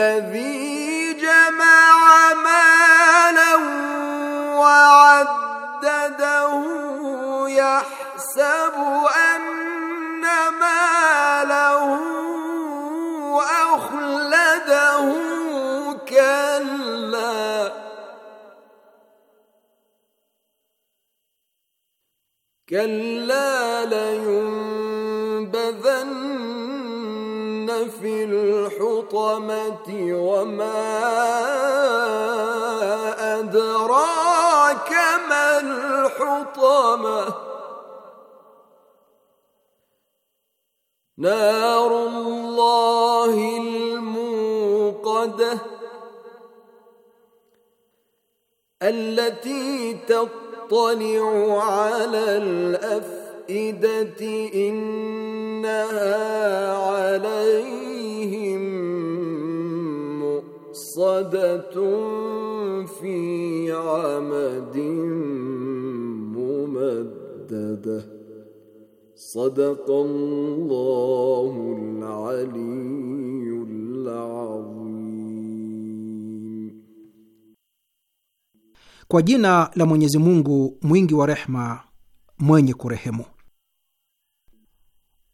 الذي جمع مالا وعدده يحسب أن ماله أخلده كلا كلا لينبغن الحطمة وما أدراك ما الحطمة نار الله الموقدة التي تطلع على الأفئدة إنها عليها في عمد ممددة صدق الله العلي العظيم Kwa jina la Mwenyezi Mungu mwingi wa rehma mwenye kurehemu.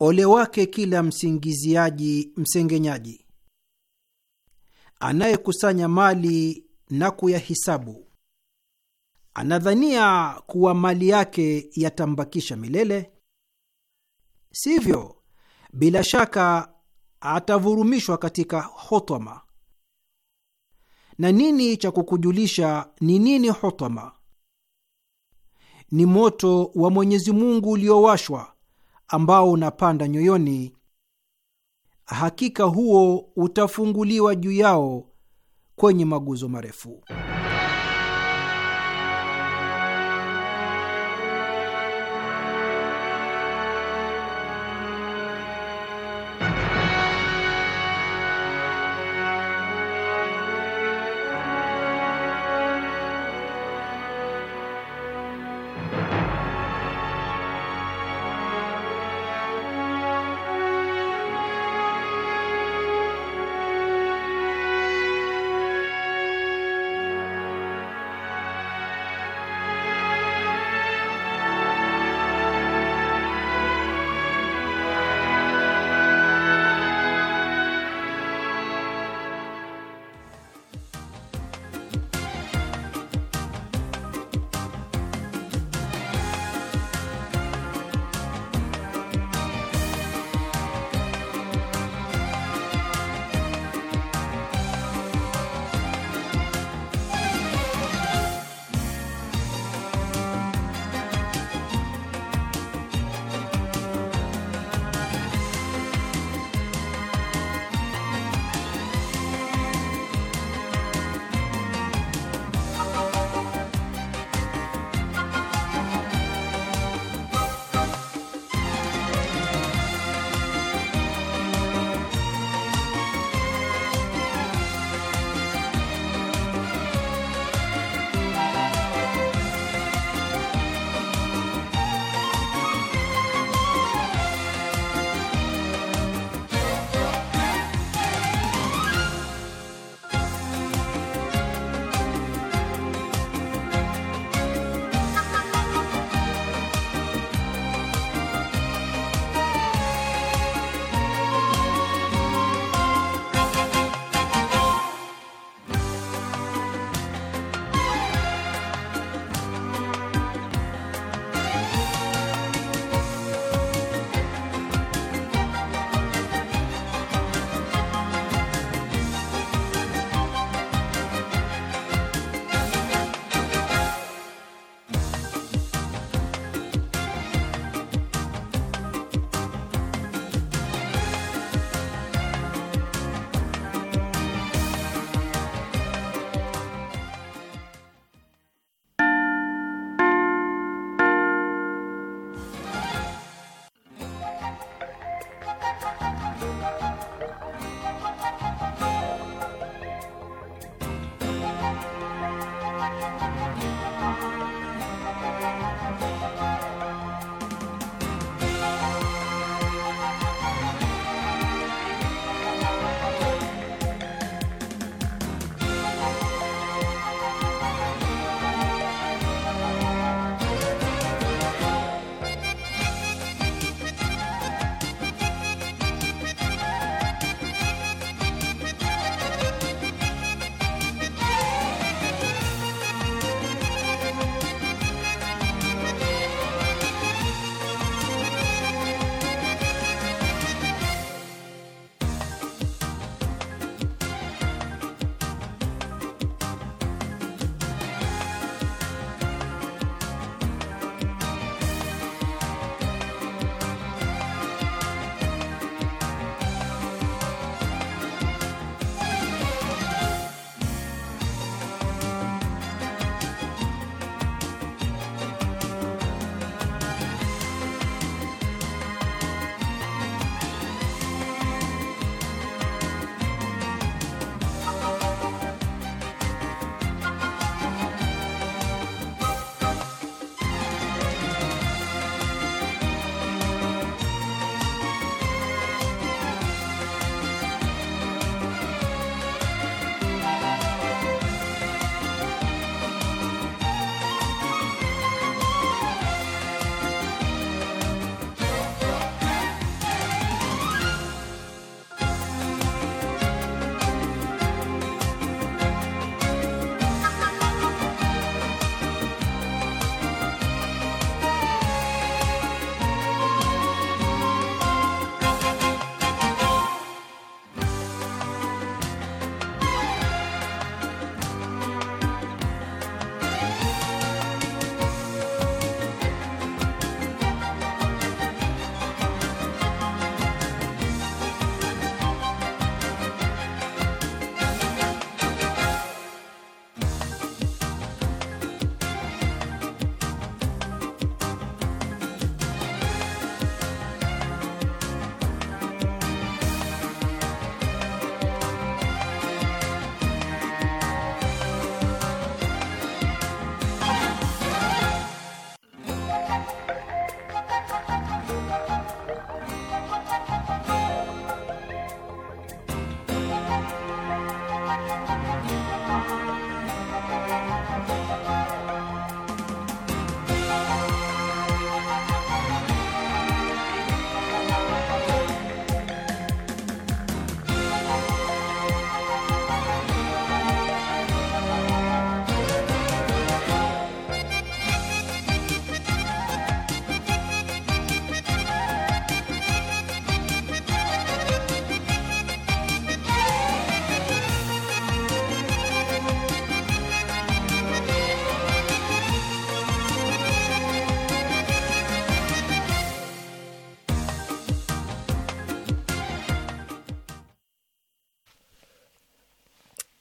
Ole wake kila msingiziaji msengenyaji anayekusanya mali na kuyahisabu, anadhania kuwa mali yake yatambakisha milele. Sivyo, bila shaka atavurumishwa katika hotoma. Na nini cha kukujulisha ni nini hotoma? Ni moto wa Mwenyezi Mungu uliowashwa ambao unapanda nyoyoni hakika huo utafunguliwa juu yao kwenye maguzo marefu.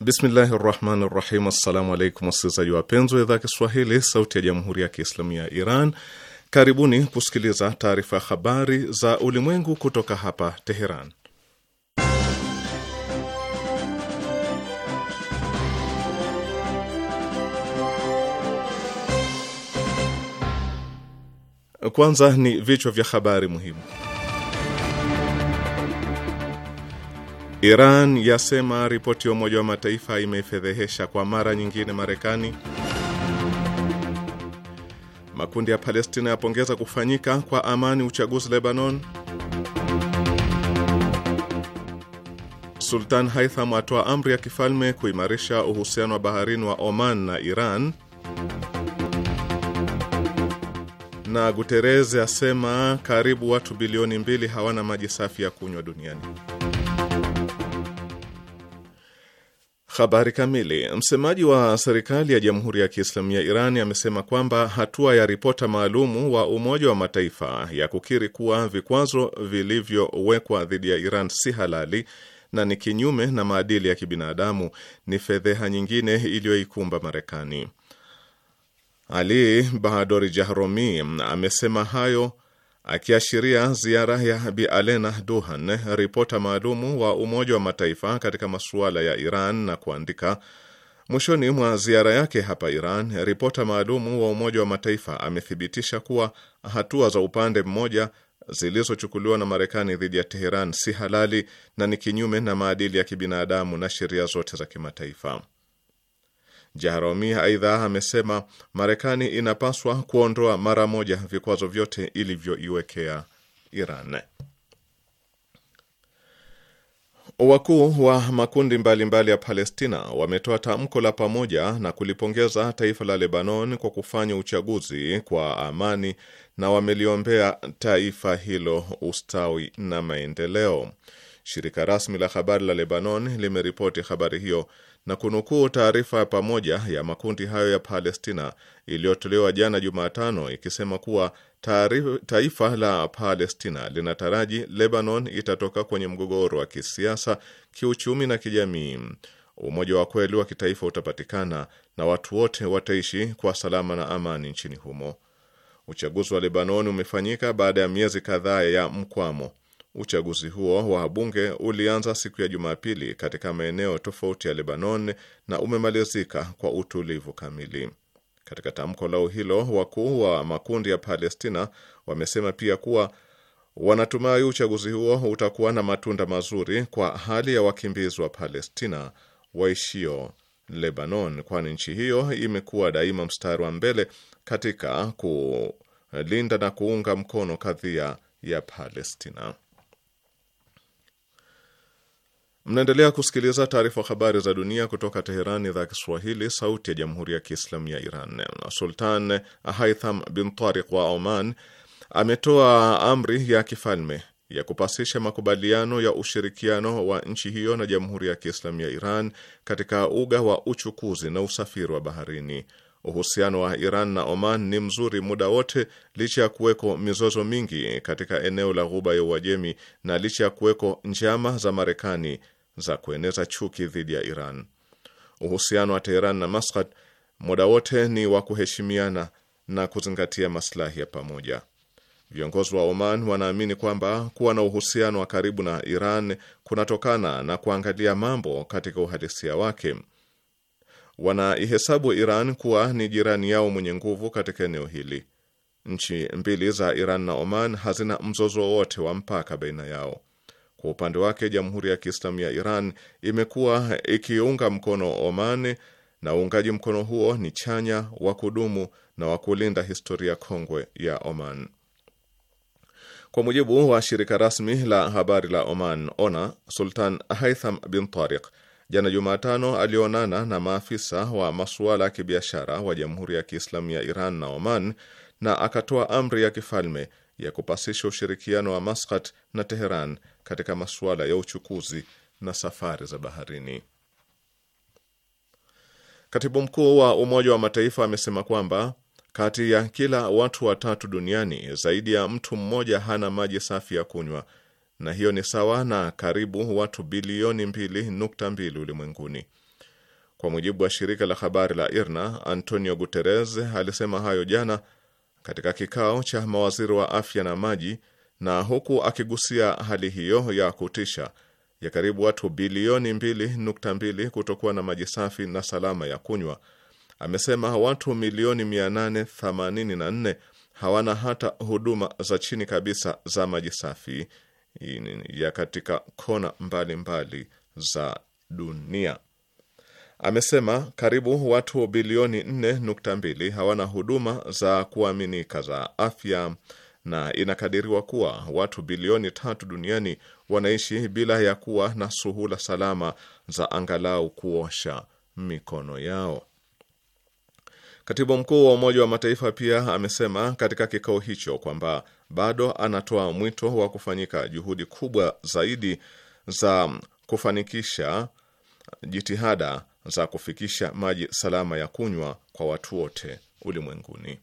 Bismillahi rahmani rahim. Assalamu alaikum wasikilizaji wapenzi wa idhaa ya Kiswahili sauti ya jamhuri ya kiislamu ya Iran, karibuni kusikiliza taarifa ya habari za ulimwengu kutoka hapa Teheran. Kwanza ni vichwa vya habari muhimu. Iran yasema ripoti ya Umoja wa Mataifa imeifedhehesha kwa mara nyingine Marekani. Makundi ya Palestina yapongeza kufanyika kwa amani uchaguzi Lebanon. Sultan Haitham atoa amri ya kifalme kuimarisha uhusiano wa baharini wa Oman na Iran. Na Guterres asema karibu watu bilioni mbili hawana maji safi ya kunywa duniani. Habari kamili. Msemaji wa serikali ya Jamhuri ya Kiislamu ya Iran amesema kwamba hatua ya ripota maalumu wa Umoja wa Mataifa ya kukiri kuwa vikwazo vilivyowekwa dhidi ya Iran si halali na ni kinyume na maadili ya kibinadamu ni fedheha nyingine iliyoikumba Marekani. Ali Bahadori Jahromi amesema hayo Akiashiria ziara ya Bi Alena Duhan, ripota maalumu wa Umoja wa Mataifa katika masuala ya Iran na kuandika, mwishoni mwa ziara yake hapa Iran, ripota maalumu wa Umoja wa Mataifa amethibitisha kuwa hatua za upande mmoja zilizochukuliwa na Marekani dhidi ya Teheran si halali na ni kinyume na maadili ya kibinadamu na sheria zote za kimataifa. Jaharomi aidha amesema Marekani inapaswa kuondoa mara moja vikwazo vyote ilivyoiwekea Iran. Wakuu wa makundi mbalimbali mbali ya Palestina wametoa tamko la pamoja na kulipongeza taifa la Lebanon kwa kufanya uchaguzi kwa amani na wameliombea taifa hilo ustawi na maendeleo. Shirika rasmi la habari la Lebanon limeripoti habari hiyo na kunukuu taarifa ya pamoja ya makundi hayo ya Palestina iliyotolewa jana Jumatano ikisema kuwa taifa la Palestina linataraji Lebanon itatoka kwenye mgogoro wa kisiasa, kiuchumi na kijamii, umoja wa kweli wa kitaifa utapatikana na watu wote wataishi kwa salama na amani nchini humo. Uchaguzi wa Lebanon umefanyika baada ya miezi kadhaa ya mkwamo Uchaguzi huo wa bunge ulianza siku ya Jumapili katika maeneo tofauti ya Lebanon na umemalizika kwa utulivu kamili. Katika tamko lao hilo, wakuu wa makundi ya Palestina wamesema pia kuwa wanatumai uchaguzi huo utakuwa na matunda mazuri kwa hali ya wakimbizi wa Palestina waishio Lebanon, kwani nchi hiyo imekuwa daima mstari wa mbele katika kulinda na kuunga mkono kadhia ya Palestina. Mnaendelea kusikiliza taarifa habari za dunia kutoka Teherani, idhaa Kiswahili, sauti ya jamhuri ya kiislamu ya Iran. Sultan Haitham bin Tariq wa Oman ametoa amri ya kifalme ya kupasisha makubaliano ya ushirikiano wa nchi hiyo na jamhuri ya kiislamu ya Iran katika uga wa uchukuzi na usafiri wa baharini. Uhusiano wa Iran na Oman ni mzuri muda wote, licha ya kuweko mizozo mingi katika eneo la Ghuba ya Uajemi na licha ya kuweko njama za Marekani za kueneza chuki dhidi ya Iran. Uhusiano wa Teheran na Maskat muda wote ni wa kuheshimiana na kuzingatia maslahi ya pamoja. Viongozi wa Oman wanaamini kwamba kuwa na uhusiano wa karibu na Iran kunatokana na kuangalia mambo katika uhalisia wake wanaihesabu Iran kuwa ni jirani yao mwenye nguvu katika eneo hili. Nchi mbili za Iran na Oman hazina mzozo wowote wa mpaka baina yao. Kwa upande wake, Jamhuri ya Kiislamu ya Iran imekuwa ikiunga mkono Oman na uungaji mkono huo ni chanya wa kudumu na wa kulinda historia kongwe ya Oman. Kwa mujibu wa shirika rasmi la habari la Oman ONA, Sultan Haitham bin Tariq jana Jumatano alionana na maafisa wa masuala ya kibiashara wa Jamhuri ya Kiislamu ya Iran na Oman na akatoa amri ya kifalme ya kupasisha ushirikiano wa Maskat na Teheran katika masuala ya uchukuzi na safari za baharini. Katibu mkuu wa Umoja wa Mataifa amesema kwamba kati ya kila watu watatu duniani zaidi ya mtu mmoja hana maji safi ya kunywa na hiyo ni sawa na karibu watu bilioni mbili nukta mbili ulimwenguni. Kwa mujibu wa shirika la habari la IRNA, Antonio Guterres alisema hayo jana katika kikao cha mawaziri wa afya na maji, na huku akigusia hali hiyo ya kutisha ya karibu watu bilioni mbili nukta mbili kutokuwa na maji safi na salama ya kunywa, amesema watu milioni 884 hawana hata huduma za chini kabisa za maji safi ya katika kona mbalimbali mbali za dunia. Amesema karibu watu bilioni 4.2 hawana huduma za kuaminika za afya na inakadiriwa kuwa watu bilioni tatu duniani wanaishi bila ya kuwa na suhula salama za angalau kuosha mikono yao. Katibu mkuu wa Umoja wa Mataifa pia amesema katika kikao hicho kwamba bado anatoa mwito wa kufanyika juhudi kubwa zaidi za kufanikisha jitihada za kufikisha maji salama ya kunywa kwa watu wote ulimwenguni.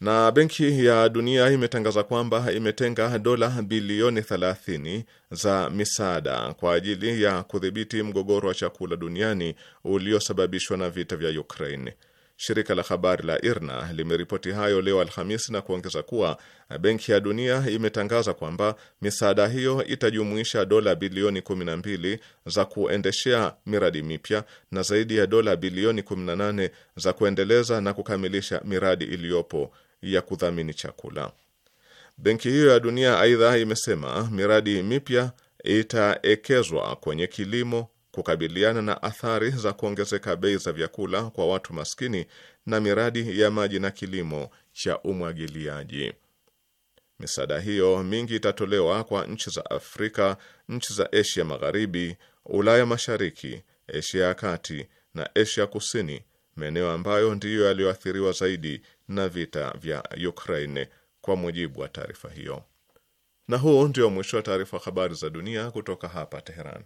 Na Benki ya Dunia imetangaza kwamba imetenga dola bilioni 30 za misaada kwa ajili ya kudhibiti mgogoro wa chakula duniani uliosababishwa na vita vya Ukraine. Shirika la habari la IRNA limeripoti hayo leo Alhamisi na kuongeza kuwa Benki ya Dunia imetangaza kwamba misaada hiyo itajumuisha dola bilioni 12 za kuendeshea miradi mipya na zaidi ya dola bilioni 18 za kuendeleza na kukamilisha miradi iliyopo ya kudhamini chakula. Benki hiyo ya Dunia aidha imesema miradi mipya itaekezwa kwenye kilimo kukabiliana na athari za kuongezeka bei za vyakula kwa watu maskini na miradi ya maji na kilimo cha umwagiliaji. Misaada hiyo mingi itatolewa kwa nchi za Afrika, nchi za Asia Magharibi, Ulaya Mashariki, Asia ya Kati na Asia Kusini, maeneo ambayo ndiyo yaliyoathiriwa zaidi na vita vya Ukraine, kwa mujibu wa taarifa hiyo. Na huu ndio mwisho wa taarifa habari za dunia kutoka hapa Teheran.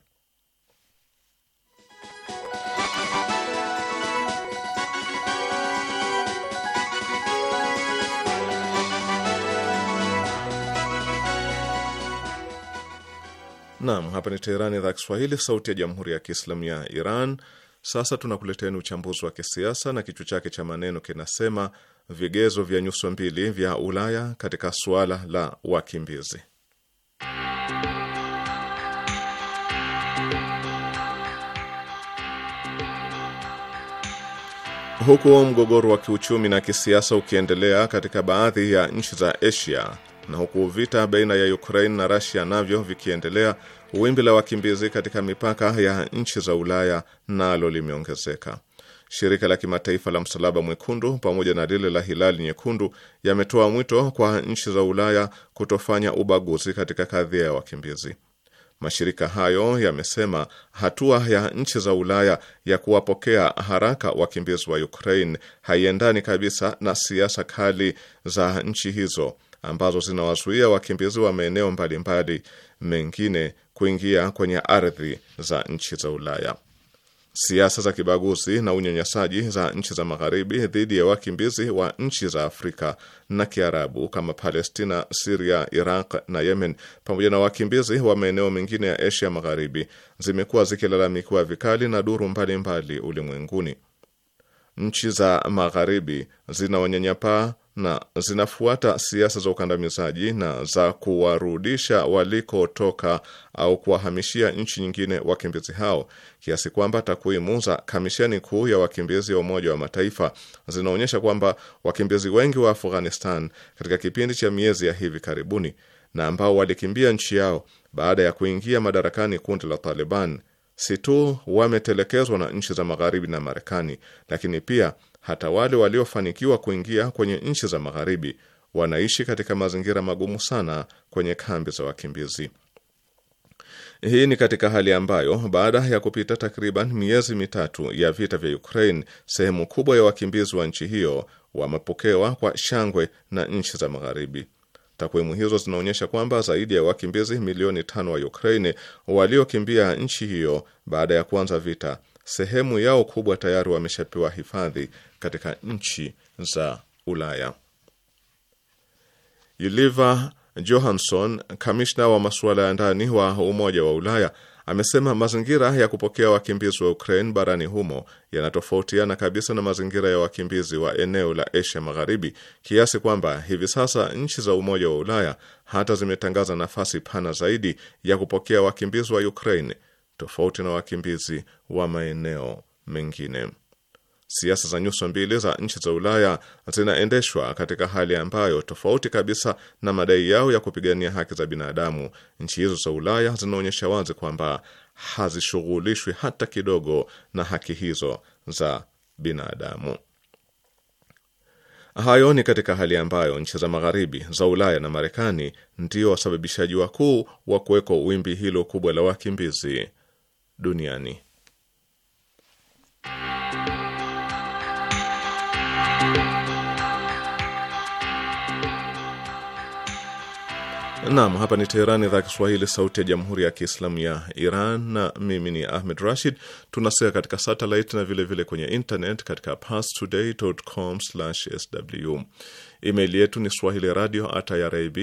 Naam, hapa ni Teherani, idhaa Kiswahili, sauti ya jamhuri ya kiislamu ya Iran. Sasa tunakuleteni uchambuzi wa kisiasa na kichwa chake cha maneno kinasema vigezo vya nyuso mbili vya Ulaya katika suala la wakimbizi. Huku mgogoro wa kiuchumi na kisiasa ukiendelea katika baadhi ya nchi za Asia na huku vita baina ya Ukraine na Russia navyo vikiendelea, wimbi la wakimbizi katika mipaka ya nchi za Ulaya nalo limeongezeka. Shirika la kimataifa la Msalaba Mwekundu pamoja na lile la Hilali Nyekundu yametoa mwito kwa nchi za Ulaya kutofanya ubaguzi katika kadhia ya wakimbizi. Mashirika hayo yamesema hatua ya nchi za Ulaya ya kuwapokea haraka wakimbizi wa Ukraine haiendani kabisa na siasa kali za nchi hizo ambazo zinawazuia wakimbizi wa maeneo mbalimbali mengine kuingia kwenye ardhi za nchi za Ulaya. Siasa za kibaguzi na unyanyasaji za nchi za magharibi dhidi ya wakimbizi wa nchi za Afrika na Kiarabu kama Palestina, Siria, Iraq na Yemen, pamoja na wakimbizi wa maeneo mengine ya Asia magharibi zimekuwa zikilalamikiwa vikali na duru mbalimbali ulimwenguni. Nchi za magharibi zina wanyanyapaa na zinafuata siasa za ukandamizaji na za kuwarudisha walikotoka au kuwahamishia nchi nyingine wakimbizi hao, kiasi kwamba takwimu za Kamisheni Kuu ya Wakimbizi ya Umoja wa Mataifa zinaonyesha kwamba wakimbizi wengi wa Afghanistan katika kipindi cha miezi ya hivi karibuni na ambao walikimbia nchi yao baada ya kuingia madarakani kundi la Taliban si tu wametelekezwa na nchi za Magharibi na Marekani, lakini pia hata wale waliofanikiwa kuingia kwenye nchi za magharibi wanaishi katika mazingira magumu sana kwenye kambi za wakimbizi. Hii ni katika hali ambayo baada ya kupita takriban miezi mitatu ya vita vya Ukraine, sehemu kubwa ya wakimbizi wa nchi hiyo wamepokewa kwa shangwe na nchi za magharibi. Takwimu hizo zinaonyesha kwamba zaidi ya wakimbizi milioni tano wa Ukraine waliokimbia nchi hiyo baada ya kuanza vita, sehemu yao kubwa tayari wameshapewa hifadhi katika nchi za Ulaya. Ylva Johansson, kamishna wa masuala ya ndani wa Umoja wa Ulaya, amesema mazingira ya kupokea wakimbizi wa Ukraine barani humo yanatofautiana kabisa na mazingira ya wakimbizi wa eneo la Asia Magharibi, kiasi kwamba hivi sasa nchi za Umoja wa Ulaya hata zimetangaza nafasi pana zaidi ya kupokea wakimbizi wa Ukraine tofauti na wakimbizi wa maeneo mengine. Siasa za nyuso mbili za nchi za Ulaya zinaendeshwa katika hali ambayo, tofauti kabisa na madai yao ya kupigania haki za binadamu, nchi hizo za Ulaya zinaonyesha wazi kwamba hazishughulishwi hata kidogo na haki hizo za binadamu. Hayo ni katika hali ambayo nchi za magharibi za Ulaya na Marekani ndio wasababishaji wakuu wa kuwekwa wimbi hilo kubwa la wakimbizi duniani. Naam, hapa ni Teherani, idhaa Kiswahili, sauti ya jamhuri ya kiislamu ya Iran, na mimi ni Ahmed Rashid. Tunasika katika satellite na vilevile vile kwenye internet katika pastodaycom sw Email yetu ni swahili radio at irib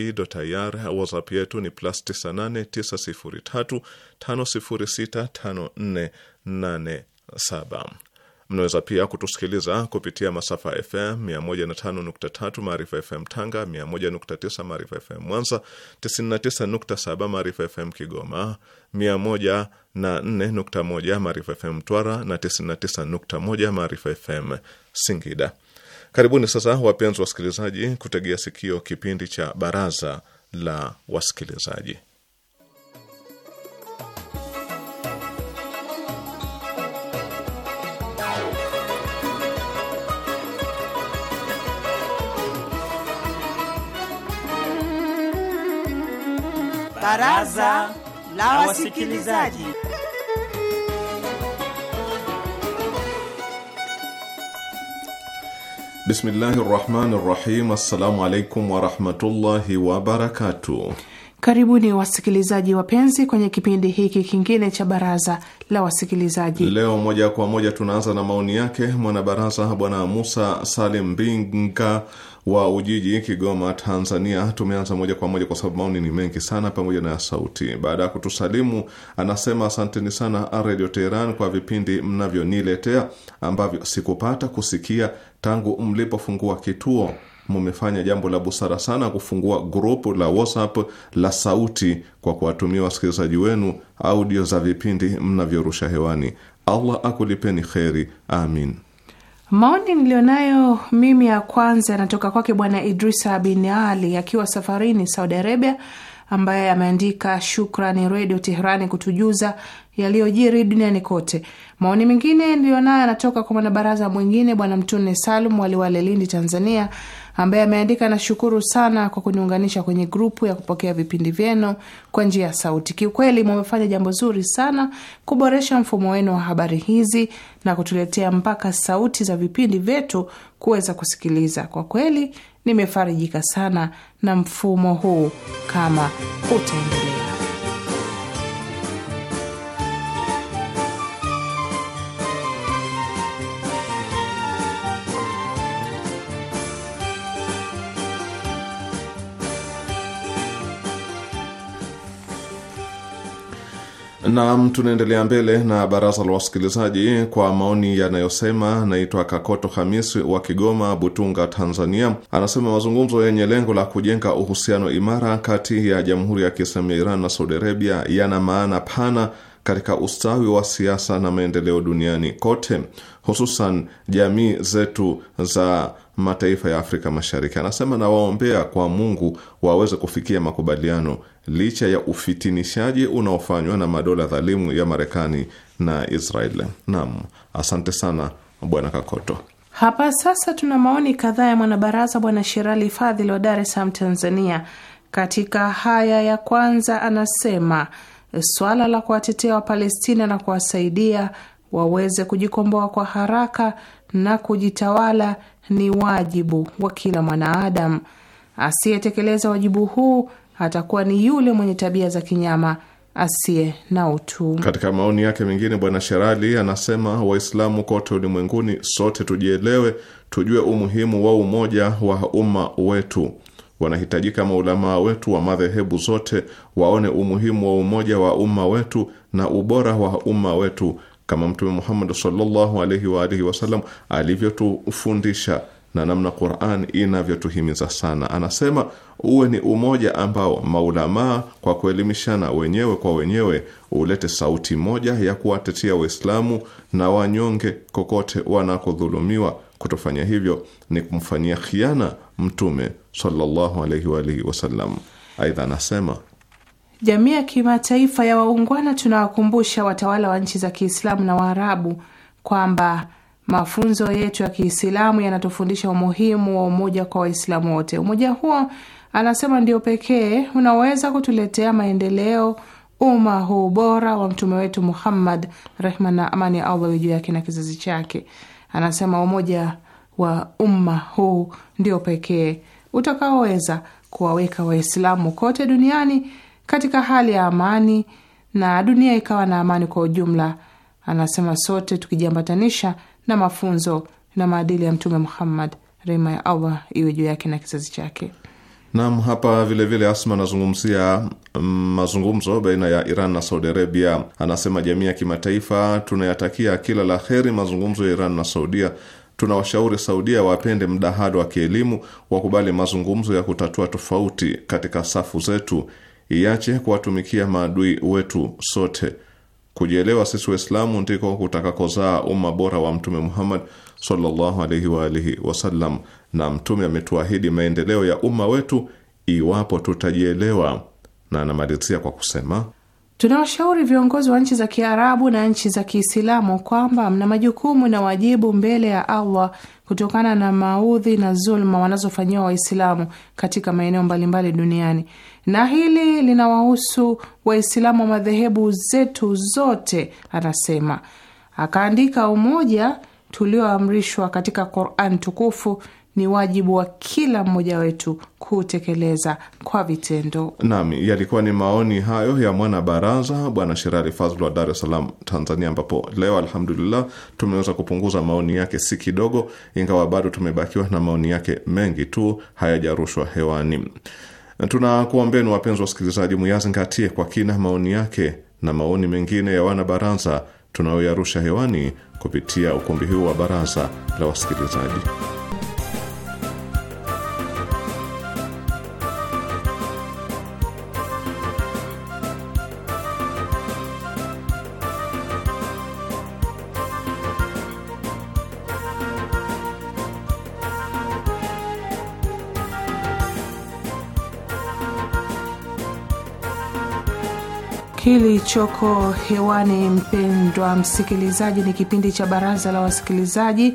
WhatsApp yetu ni plus 989035065487 Mnaweza pia kutusikiliza kupitia masafa FM 105.3 Maarifa FM Tanga, 101.9 Maarifa FM Mwanza, 99.7 Maarifa FM Kigoma, 104.1 Maarifa FM Mtwara na 99.1 Maarifa FM Singida. Karibuni sasa, wapenzi wasikilizaji, kutegea sikio kipindi cha Baraza la Wasikilizaji. Baraza la Wasikilizaji. Bismillahi rahmani rahim. Assalamu alaikum warahmatullahi wabarakatuh. Karibuni wasikilizaji wapenzi kwenye kipindi hiki kingine cha baraza la wasikilizaji. Leo moja kwa moja tunaanza na maoni yake mwanabaraza Bwana Musa Salim Mbinga wa Ujiji, Kigoma, Tanzania. Tumeanza moja kwa moja kwa sababu maoni ni mengi sana, pamoja na sauti. Baada ya kutusalimu, anasema asanteni sana Radio Teheran kwa vipindi mnavyoniletea ambavyo sikupata kusikia tangu mlipofungua kituo mumefanya jambo la busara sana kufungua grupu la WhatsApp la sauti kwa kuwatumia wasikilizaji wenu audio za vipindi mnavyorusha hewani. Allah akulipeni kheri, amin. Maoni niliyonayo mimi ya kwanza yanatoka kwake Bwana Idrisa bin Ali akiwa safarini Saudi Arabia, ambaye ameandika shukrani Redio Teherani kutujuza yaliyojiri duniani kote. Maoni mengine niliyonayo yanatoka kwa mwanabaraza mwingine Bwana Mtune Salum Waliwale, Lindi, Tanzania, ambaye ameandika nashukuru sana kwa kuniunganisha kwenye grupu ya kupokea vipindi vyenu kwa njia ya sauti. Kiukweli mumefanya jambo zuri sana kuboresha mfumo wenu wa habari hizi na kutuletea mpaka sauti za vipindi vyetu kuweza kusikiliza. Kwa kweli nimefarijika sana na mfumo huu kama utaendelea. Naam, tunaendelea mbele na baraza la wasikilizaji kwa maoni yanayosema. Naitwa Kakoto Hamisi wa Kigoma Butunga, Tanzania. Anasema mazungumzo yenye lengo la kujenga uhusiano imara kati ya Jamhuri ya Kiislamu ya Iran na Saudi Arabia yana maana pana katika ustawi wa siasa na maendeleo duniani kote, hususan jamii zetu za mataifa ya Afrika Mashariki. Anasema nawaombea kwa Mungu waweze kufikia makubaliano licha ya ufitinishaji unaofanywa na madola dhalimu ya Marekani na Israeli. Naam, asante sana Bwana Kakoto. Hapa sasa tuna maoni kadhaa ya mwanabaraza Bwana Sherali Fadhili wa Dar es Salaam, Tanzania. Katika haya ya kwanza, anasema swala la kuwatetea Wapalestina na kuwasaidia waweze kujikomboa kwa haraka na kujitawala ni wajibu wa kila mwanaadamu. Asiyetekeleza wajibu huu atakuwa ni yule mwenye tabia za kinyama asiye na utu. Katika maoni yake mengine, Bwana Sherali anasema Waislamu kote ulimwenguni, sote tujielewe, tujue umuhimu wa umoja wa umma wetu. Wanahitajika maulamaa wetu wa madhehebu zote waone umuhimu wa umoja wa umma wetu na ubora wa umma wetu kama Mtume Muhammad sallallahu alaihi wa alihi wasallam alivyotufundisha na namna Qur'an inavyotuhimiza sana. Anasema uwe ni umoja ambao maulamaa kwa kuelimishana wenyewe kwa wenyewe ulete sauti moja ya kuwatetea Waislamu na wanyonge kokote wanakodhulumiwa. Kutofanya hivyo ni kumfanyia khiana Mtume sallallahu alaihi wa alihi wasallam. Aidha anasema Jamii ya kimataifa ya waungwana tunawakumbusha watawala wa nchi za Kiislamu na Waarabu kwamba mafunzo yetu ya Kiislamu yanatufundisha umuhimu wa umoja kwa Waislamu wote. Umoja huo, anasema, ndio pekee unaweza kutuletea maendeleo umma huu bora wa mtume wetu Muhammad, rehma na amani ya Allah juu yake na kizazi chake. Anasema umoja wa umma huu ndio pekee utakaoweza kuwaweka Waislamu kote duniani katika hali ya amani na dunia ikawa na amani kwa ujumla. Anasema sote tukijiambatanisha na mafunzo na maadili ya Mtume Muhammad, rehma ya Allah iwe juu yake na kizazi chake. Naam, hapa vilevile vile Asma anazungumzia mm, mazungumzo baina ya Iran na Saudi Arabia. Anasema jamii ya kimataifa tunayatakia kila la heri mazungumzo ya Iran na Saudia. Tunawashauri Saudia wapende mdahalo wa kielimu, wakubali mazungumzo ya kutatua tofauti katika safu zetu iache kuwatumikia maadui wetu sote. Kujielewa sisi Waislamu ndiko kutakakozaa umma bora wa Mtume Muhammad sallallahu alaihi wa alihi wasallam, na Mtume ametuahidi maendeleo ya umma wetu iwapo tutajielewa, na anamalizia kwa kusema Tunawashauri viongozi wa nchi za Kiarabu na nchi za Kiislamu kwamba mna majukumu na wajibu mbele ya Allah kutokana na maudhi na zulma wanazofanyiwa Waislamu katika maeneo mbalimbali duniani, na hili linawahusu Waislamu wa madhehebu zetu zote. Anasema akaandika umoja tulioamrishwa katika Quran tukufu ni wajibu wa kila mmoja wetu kutekeleza kwa vitendo. Nam, yalikuwa ni maoni hayo ya mwana baraza Bwana Sherali Fazl wa Dar es Salaam, Tanzania, ambapo leo alhamdulillah tumeweza kupunguza maoni yake si kidogo, ingawa bado tumebakiwa na maoni yake mengi tu hayajarushwa hewani. Tunakuombeni wapenzi wa wasikilizaji, muyazingatie kwa kina maoni yake na maoni mengine ya wana baraza tunayoyarusha hewani kupitia ukumbi huu wa baraza la wasikilizaji. kilichoko hewani, mpendwa msikilizaji, ni kipindi cha Baraza la Wasikilizaji,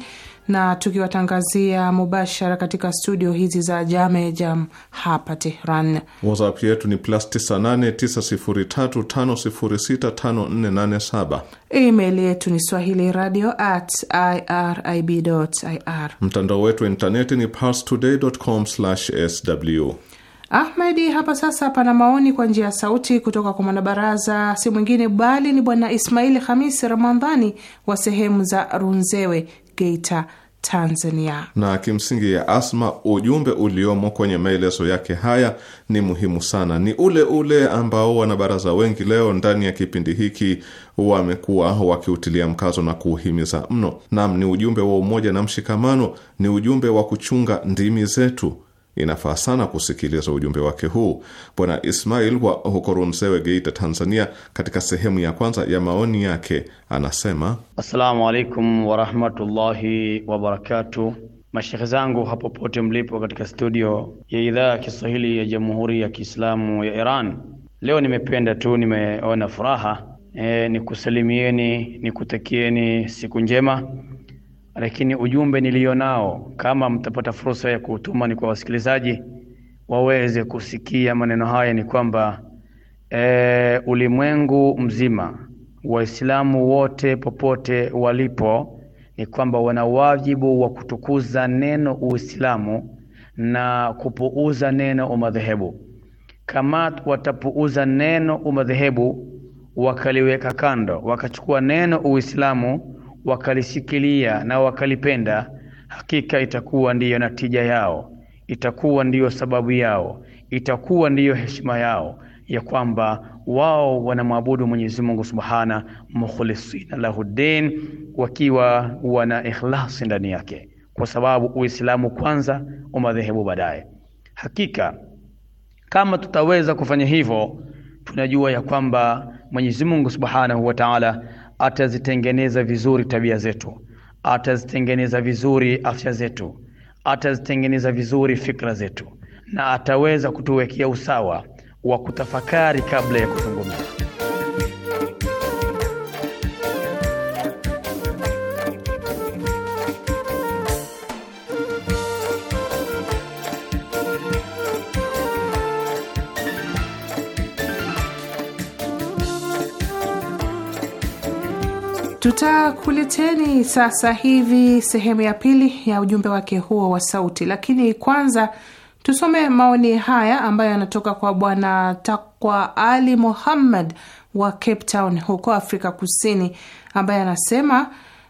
na tukiwatangazia mubashara katika studio hizi za Jame Jam hapa Tehran. WhatsApp yetu ni plus 989035065487. Email yetu ni swahili radio at irib.ir. Mtandao wetu wa intaneti ni parstoday.com/sw Ahmedi, hapa sasa pana maoni kwa njia ya sauti kutoka kwa mwanabaraza, si mwingine bali ni bwana Ismaili hamis Ramadhani wa sehemu za Runzewe, Geita, Tanzania. Na kimsingi ya Asma, ujumbe uliomo kwenye maelezo yake haya ni muhimu sana, ni ule ule ambao wanabaraza wengi leo ndani ya kipindi hiki wamekuwa wakiutilia mkazo na kuuhimiza mno. nam ni ujumbe wa umoja na mshikamano, ni ujumbe wa kuchunga ndimi zetu Inafaa sana kusikiliza ujumbe wake huu Bwana Ismail wa huko Runzewe, Geita, Tanzania. Katika sehemu ya kwanza ya maoni yake anasema, assalamu alaikum warahmatullahi wabarakatu. Mashehe zangu hapopote mlipo, katika studio ya idhaa ya Kiswahili ya Jamhuri ya Kiislamu ya Iran, leo nimependa tu, nimeona furaha e, nikusalimieni nikutakieni siku njema lakini ujumbe nilionao, nao, kama mtapata fursa ya kuutuma, ni kwa wasikilizaji waweze kusikia maneno haya, ni kwamba e, ulimwengu mzima, Waislamu wote popote walipo, ni kwamba wana wajibu wa kutukuza neno Uislamu na kupuuza neno umadhehebu. Kama watapuuza neno umadhehebu wakaliweka kando, wakachukua neno Uislamu wakalishikilia na wakalipenda, hakika itakuwa ndiyo natija yao, itakuwa ndiyo sababu yao, itakuwa ndiyo heshima yao ya kwamba wao wanamwabudu Mwenyezi Mungu subhana mukhlisina lahu din, wakiwa wana ikhlasi ndani yake, kwa sababu Uislamu kwanza, umadhehebu baadaye. Hakika kama tutaweza kufanya hivyo, tunajua ya kwamba Mwenyezi Mungu subhanahu wa Ta'ala atazitengeneza vizuri tabia zetu, atazitengeneza vizuri afya zetu, atazitengeneza vizuri fikra zetu, na ataweza kutuwekea usawa wa kutafakari kabla ya kuzungumza. Tutakuleteni sasa hivi sehemu ya pili ya ujumbe wake huo wa sauti, lakini kwanza tusome maoni haya ambayo yanatoka kwa Bwana Takwa Ali Muhammad wa Cape Town huko Afrika Kusini, ambaye anasema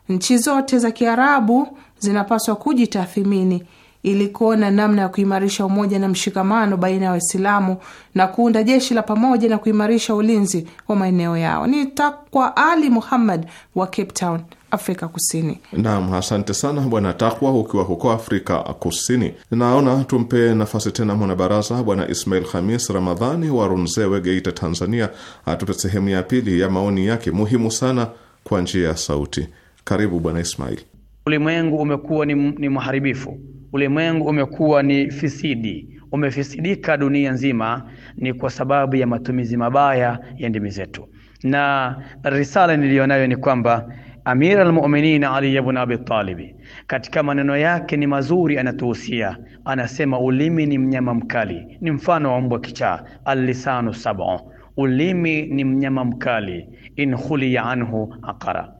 nchi zote za Kiarabu zinapaswa kujitathimini ili kuona namna ya kuimarisha umoja na mshikamano baina ya Waislamu na kuunda jeshi la pamoja na kuimarisha ulinzi wa maeneo yao. Ni Takwa Ali Muhammad wa Cape Town, Afrika Kusini. Naam, asante sana Bwana Takwa, ukiwa huko Afrika Kusini. Naona tumpe nafasi tena mwanabaraza Bwana Ismail Khamis Ramadhani wa Runzewe, Geita, Tanzania, atupe sehemu ya pili ya maoni yake muhimu sana kwa njia ya sauti. Karibu Bwana Ismail. Ulimwengu umekuwa ni, ni mharibifu ulimwengu umekuwa ni fisidi, umefisidika dunia nzima, ni kwa sababu ya matumizi mabaya ya ndimi zetu. Na risala niliyonayo ni kwamba Amir al-Mu'minin Ali ibn Abi Talib katika maneno yake ni mazuri, anatuhusia anasema, ulimi ni mnyama mkali, ni mfano wa mbwa kichaa. Al-lisanu sab'u, ulimi ni mnyama mkali. In khuliya anhu aqara,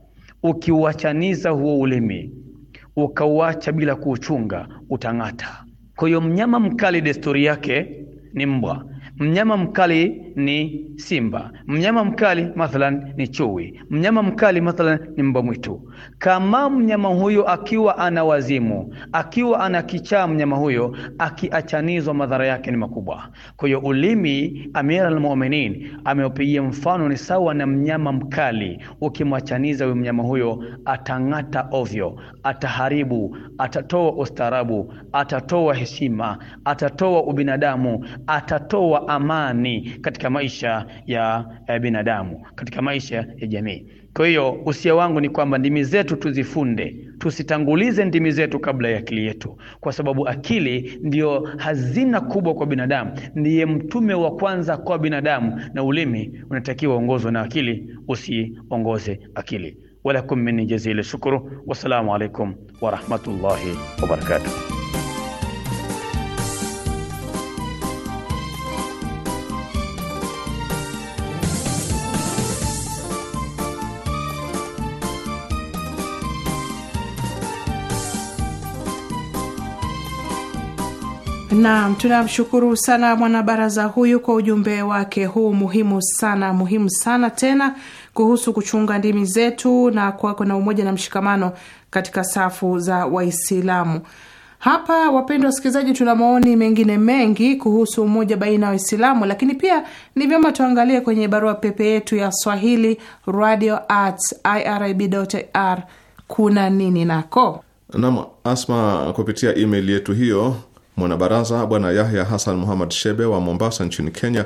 ukiuachaniza huo ulimi ukauacha bila kuuchunga utang'ata. Kwa hiyo mnyama mkali desturi yake ni mbwa. Mnyama mkali ni simba, mnyama mkali mathalan ni chui, mnyama mkali mathalan ni mbwa mwitu. Kama mnyama huyo akiwa ana wazimu, akiwa ana kichaa, mnyama huyo akiachanizwa, madhara yake ni makubwa. Kwa hiyo ulimi, Amira Almu'minin ameupigia mfano, ni sawa na mnyama mkali. Ukimwachaniza huyo mnyama huyo, atang'ata ovyo, ataharibu, atatoa ustaarabu, atatoa heshima, atatoa ubinadamu, atatoa amani katika maisha ya eh, binadamu katika maisha ya jamii. Kwa hiyo usia wangu ni kwamba ndimi zetu tuzifunde, tusitangulize ndimi zetu kabla ya akili yetu, kwa sababu akili ndiyo hazina kubwa kwa binadamu, ndiye mtume wa kwanza kwa binadamu, na ulimi unatakiwa uongozwe na akili, usiongoze akili. Walakum min jazili shukuru. Wassalamu alaikum warahmatullahi wabarakatuh. Naam, tunamshukuru sana mwanabaraza huyu kwa ujumbe wake huu muhimu sana, muhimu sana tena, kuhusu kuchunga ndimi zetu na kuwako na umoja na mshikamano katika safu za Waislamu. Hapa wapendwa wasikilizaji, tuna maoni mengine mengi kuhusu umoja baina ya Waislamu, lakini pia ni vyema tuangalie kwenye barua pepe yetu ya Swahili radio at irib.ir, kuna nini nako? Naam, Asma, kupitia email yetu hiyo Mwanabaraza Bwana Yahya Hassan Muhammad Shebe wa Mombasa nchini Kenya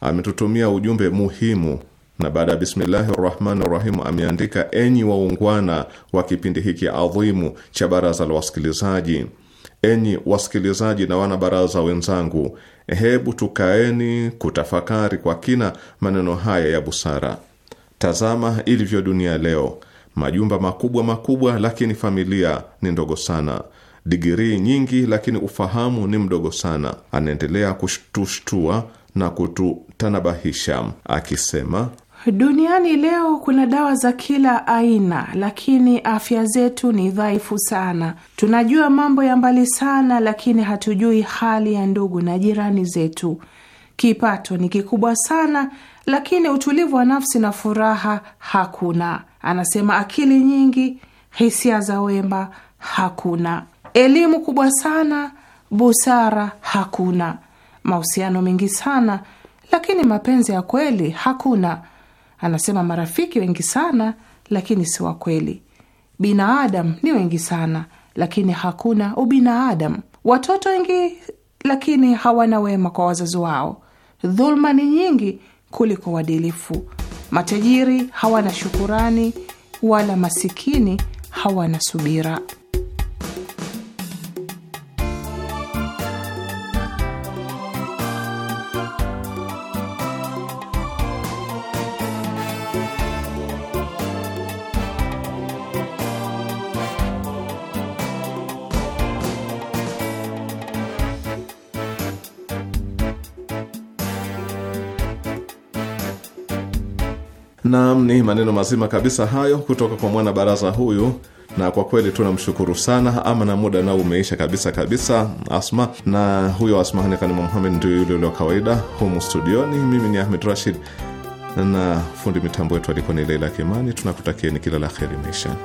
ametutumia ujumbe muhimu, na baada ya bismillahi rahmani rahim ameandika: enyi waungwana wa kipindi hiki adhimu cha baraza la wasikilizaji, enyi wasikilizaji na wanabaraza wenzangu, hebu tukaeni kutafakari kwa kina maneno haya ya busara. Tazama ilivyo dunia leo, majumba makubwa makubwa, lakini familia ni ndogo sana digirii nyingi, lakini ufahamu ni mdogo sana. Anaendelea kushtushtua na kututanabahisha akisema, duniani leo kuna dawa za kila aina, lakini afya zetu ni dhaifu sana. Tunajua mambo ya mbali sana, lakini hatujui hali ya ndugu na jirani zetu. Kipato ni kikubwa sana, lakini utulivu wa nafsi na furaha hakuna. Anasema akili nyingi, hisia za wema hakuna. Elimu kubwa sana, busara hakuna, mahusiano mengi sana, lakini mapenzi ya kweli hakuna. Anasema marafiki wengi sana, lakini si wa kweli. Binadamu ni wengi sana, lakini hakuna ubinadamu. Watoto wengi, lakini hawana wema kwa wazazi wao. Dhuluma ni nyingi kuliko uadilifu. Matajiri hawana shukurani, wala masikini hawana subira. Naam, ni maneno mazima kabisa hayo kutoka kwa mwana baraza huyu, na kwa kweli tunamshukuru sana. Ama na muda nao umeisha kabisa kabisa, Asma. Na huyo Asma Hanikani Mohamed ndio yule ule wa kawaida humu studioni. Mimi ni Ahmed Rashid na fundi mitambo yetu alikuwa ni Leila Kimani. Tunakutakieni kila la kheri maishani.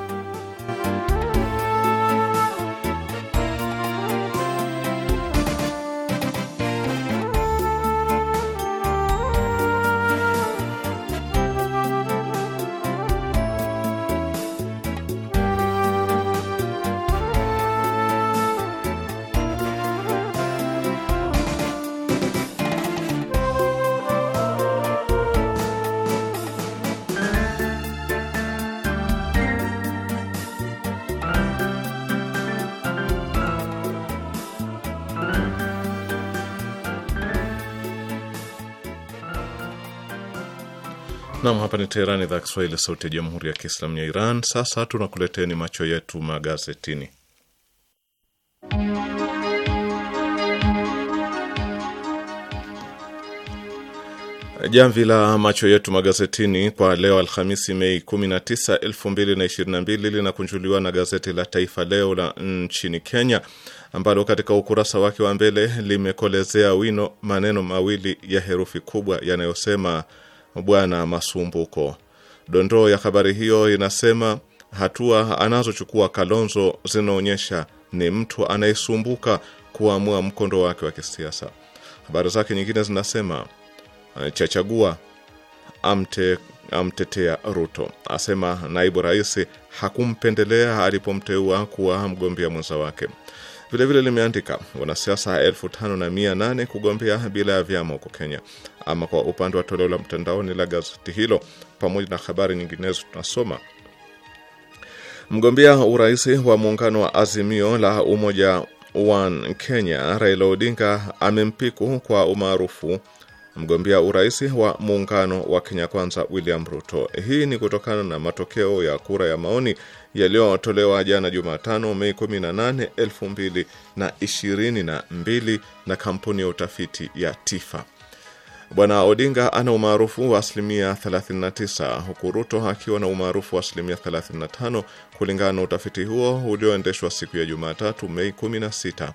ni Teherani, idhaa Kiswahili, sauti ya jamhuri ya kiislamu ya Iran. Sasa tunakuleteni macho yetu magazetini. Jamvi la macho yetu magazetini kwa leo Alhamisi, Mei 19, 2022 linakunjuliwa na gazeti la Taifa Leo la nchini Kenya, ambalo katika ukurasa wake wa mbele limekolezea wino maneno mawili ya herufi kubwa yanayosema Bwana Masumbuko. Dondoo ya habari hiyo inasema hatua anazochukua Kalonzo zinaonyesha ni mtu anayesumbuka kuamua mkondo wake wa kisiasa. Habari zake nyingine zinasema chachagua amte amtetea Ruto, asema naibu rais hakumpendelea alipomteua kuwa mgombea mwenza wake. Vilevile limeandika wanasiasa elfu tano na mia nane kugombea bila ya vyama huko Kenya. Ama kwa upande wa toleo la mtandaoni la gazeti hilo, pamoja na habari nyinginezo, tunasoma mgombea urais wa muungano wa Azimio la Umoja One Kenya Raila Odinga amempiku kwa umaarufu mgombea urais wa muungano wa Kenya Kwanza William Ruto. Hii ni kutokana na matokeo ya kura ya maoni yaliyotolewa jana Jumatano, Mei 18, 2022 na kampuni ya utafiti ya Tifa. Bwana Odinga ana umaarufu wa asilimia 39 huku Ruto akiwa na umaarufu wa asilimia 35 kulingana na utafiti huo ulioendeshwa siku ya Jumatatu, Mei 16.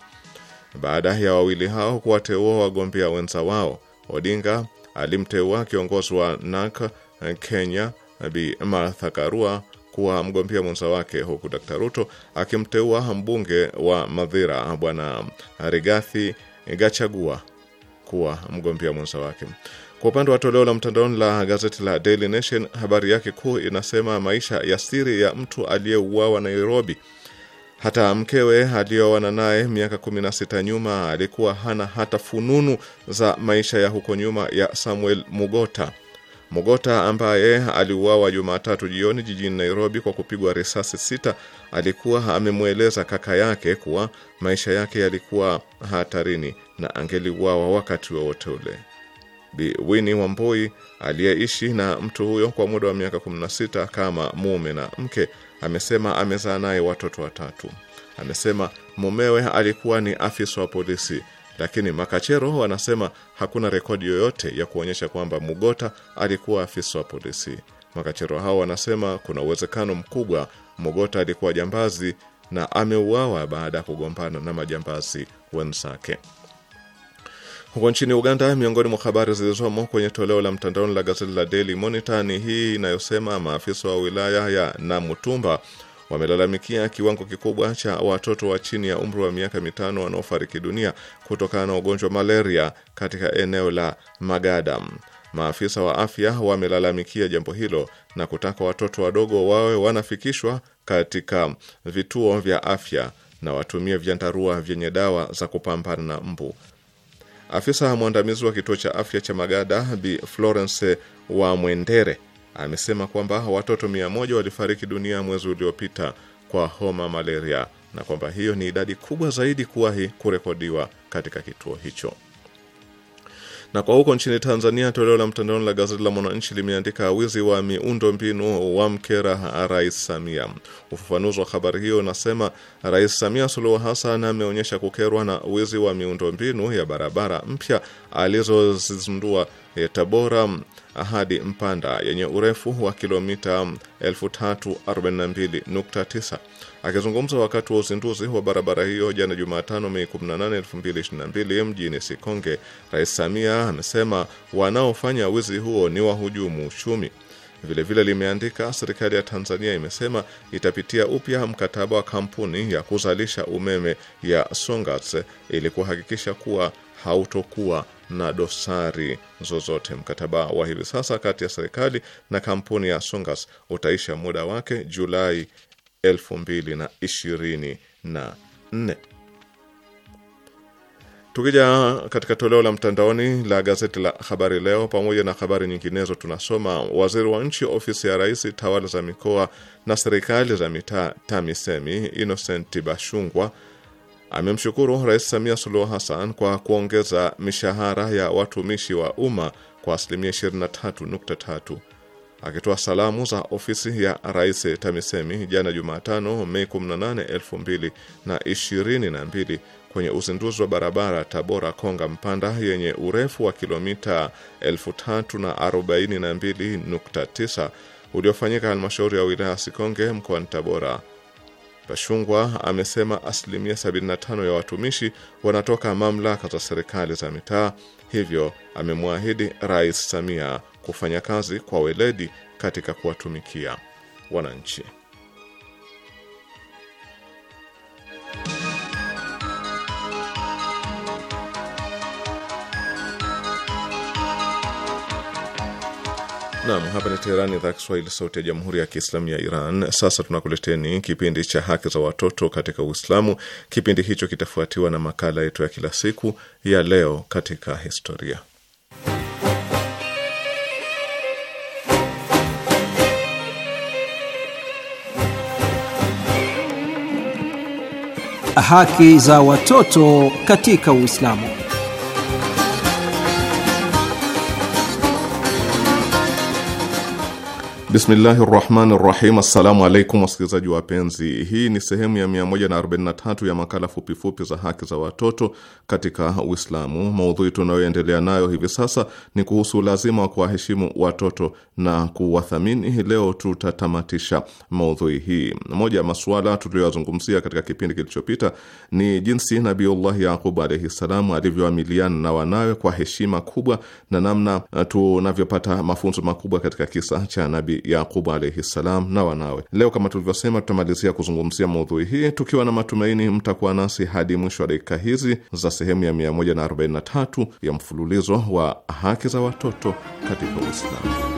Baada ya wawili hao kuwateua wagombea wenza wao, Odinga alimteua kiongozi wa NAK Kenya Bi Martha Karua kuwa mgombea mwenza wake, huku Dkt. Ruto akimteua mbunge wa Madhira Bwana Rigathi Gachagua kuwa mgombea mwenza wake. Kwa upande wa toleo la mtandaoni la gazeti la Daily Nation, habari yake kuu inasema maisha ya siri ya mtu aliyeuawa Nairobi. Hata mkewe aliyoana naye miaka 16 nyuma alikuwa hana hata fununu za maisha ya huko nyuma ya Samuel Mugota. Mogota ambaye aliuawa Jumatatu jioni jijini Nairobi kwa kupigwa risasi sita alikuwa amemweleza kaka yake kuwa maisha yake yalikuwa hatarini na angeliuawa wakati wowote ule. Bi Winnie Wambui aliyeishi na mtu huyo kwa muda wa miaka 16 kama mume na mke amesema amezaa naye watoto watatu. Amesema mumewe alikuwa ni afisa wa polisi lakini makachero wanasema hakuna rekodi yoyote ya kuonyesha kwamba Mugota alikuwa afisa wa polisi. Makachero hao wanasema kuna uwezekano mkubwa Mugota alikuwa jambazi na ameuawa baada ya kugombana na majambazi wenzake. Huko nchini Uganda, miongoni mwa habari zilizomo kwenye toleo la mtandaoni la gazeti la Daily Monitor ni hii inayosema maafisa wa wilaya ya Namutumba wamelalamikia kiwango kikubwa cha watoto wa chini ya umri wa miaka mitano wanaofariki dunia kutokana na ugonjwa malaria katika eneo la Magadam. Maafisa wa afya wamelalamikia jambo hilo na kutaka watoto wadogo wawe wanafikishwa katika vituo vya afya na watumie vyandarua vyenye dawa za kupambana na mbu. Afisa mwandamizi wa kituo cha afya cha Magada Bi Florence wa Mwendere amesema kwamba watoto mia moja walifariki dunia mwezi uliopita kwa homa malaria na kwamba hiyo ni idadi kubwa zaidi kuwahi kurekodiwa katika kituo hicho. Na kwa huko nchini Tanzania, toleo la mtandaoni la gazeti la Mwananchi limeandika wizi wa miundo mbinu wa mkera Rais Samia. Ufafanuzi wa habari hiyo unasema Rais Samia Suluhu Hassan ameonyesha kukerwa na wizi wa miundo mbinu ya barabara mpya e, Tabora hadi Mpanda yenye urefu wa kilomita 3429 Akizungumza wakati wa uzinduzi wa barabara hiyo jana Jumatano, Mei 18, 2022 mjini Sikonge, Rais Samia amesema wanaofanya wizi huo ni wahujumu uchumi. Vilevile limeandika serikali ya Tanzania imesema itapitia upya mkataba wa kampuni ya kuzalisha umeme ya Songas ili kuhakikisha kuwa hautokuwa na dosari zozote. Mkataba wa hivi sasa kati ya serikali na kampuni ya Sungas utaisha muda wake Julai 2024. Tukija katika toleo la mtandaoni la gazeti la Habari Leo, pamoja na habari nyinginezo, tunasoma waziri wa nchi ofisi ya rais, tawala za mikoa na serikali za mitaa, TAMISEMI, Innocent Bashungwa amemshukuru Rais Samia Suluhu Hassan kwa kuongeza mishahara ya watumishi wa umma kwa asilimia 23.3. Akitoa salamu za ofisi ya Rais TAMISEMI jana Jumatano, Mei 18, 2022 kwenye uzinduzi wa barabara Tabora Konga Mpanda yenye urefu wa kilomita 3042.9 uliofanyika halmashauri ya wilaya Sikonge mkoani Tabora Bashungwa amesema asilimia 75 ya watumishi wanatoka mamlaka za serikali za mitaa, hivyo amemwahidi Rais Samia kufanya kazi kwa weledi katika kuwatumikia wananchi. Naam, hapa ni Teherani, idhaa Kiswahili, sauti ya jamhuri ya kiislamu ya Iran. Sasa tunakuleteni kipindi cha haki za watoto katika Uislamu. Kipindi hicho kitafuatiwa na makala yetu ya kila siku ya leo katika historia. Haki za watoto katika Uislamu. Bismillahi rahmani rahim. Assalamu alaikum wasikilizaji wapenzi, hii ni sehemu ya 143 ya makala fupifupi za haki za watoto katika Uislamu. Maudhui tunayoendelea nayo hivi sasa ni kuhusu lazima wa kuwaheshimu watoto na kuwathamini. Leo tutatamatisha maudhui hii. Moja ya masuala tuliyoyazungumzia katika kipindi kilichopita ni jinsi Nabiullahi Yaqub alaihi ssalam alivyoamiliana na wanawe kwa heshima kubwa na namna eh, tunavyopata mafunzo makubwa katika kisa cha Nabi Yaqubu alaihi ssalam na wanawe. Leo kama tulivyosema, tutamalizia kuzungumzia maudhui hii tukiwa na matumaini mtakuwa nasi hadi mwisho wa dakika hizi za sehemu ya 143 ya mfululizo wa haki za watoto katika Uislamu.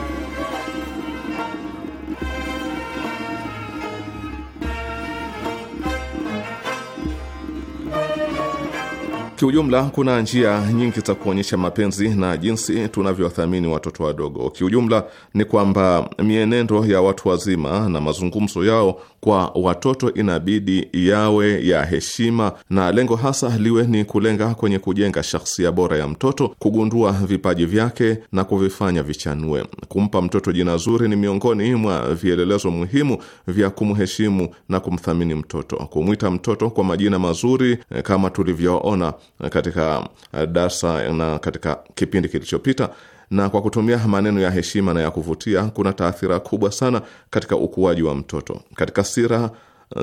Kiujumla, kuna njia nyingi za kuonyesha mapenzi na jinsi tunavyowathamini watoto wadogo. Kiujumla ni kwamba mienendo ya watu wazima na mazungumzo yao kwa watoto inabidi yawe ya heshima na lengo hasa liwe ni kulenga kwenye kujenga shahsia bora ya mtoto, kugundua vipaji vyake na kuvifanya vichanue. Kumpa mtoto jina zuri ni miongoni mwa vielelezo muhimu vya kumheshimu na kumthamini mtoto. Kumwita mtoto kwa majina mazuri eh, kama tulivyoona eh, katika eh, darsa na katika kipindi kilichopita na kwa kutumia maneno ya heshima na ya kuvutia kuna taathira kubwa sana katika ukuaji wa mtoto. Katika sira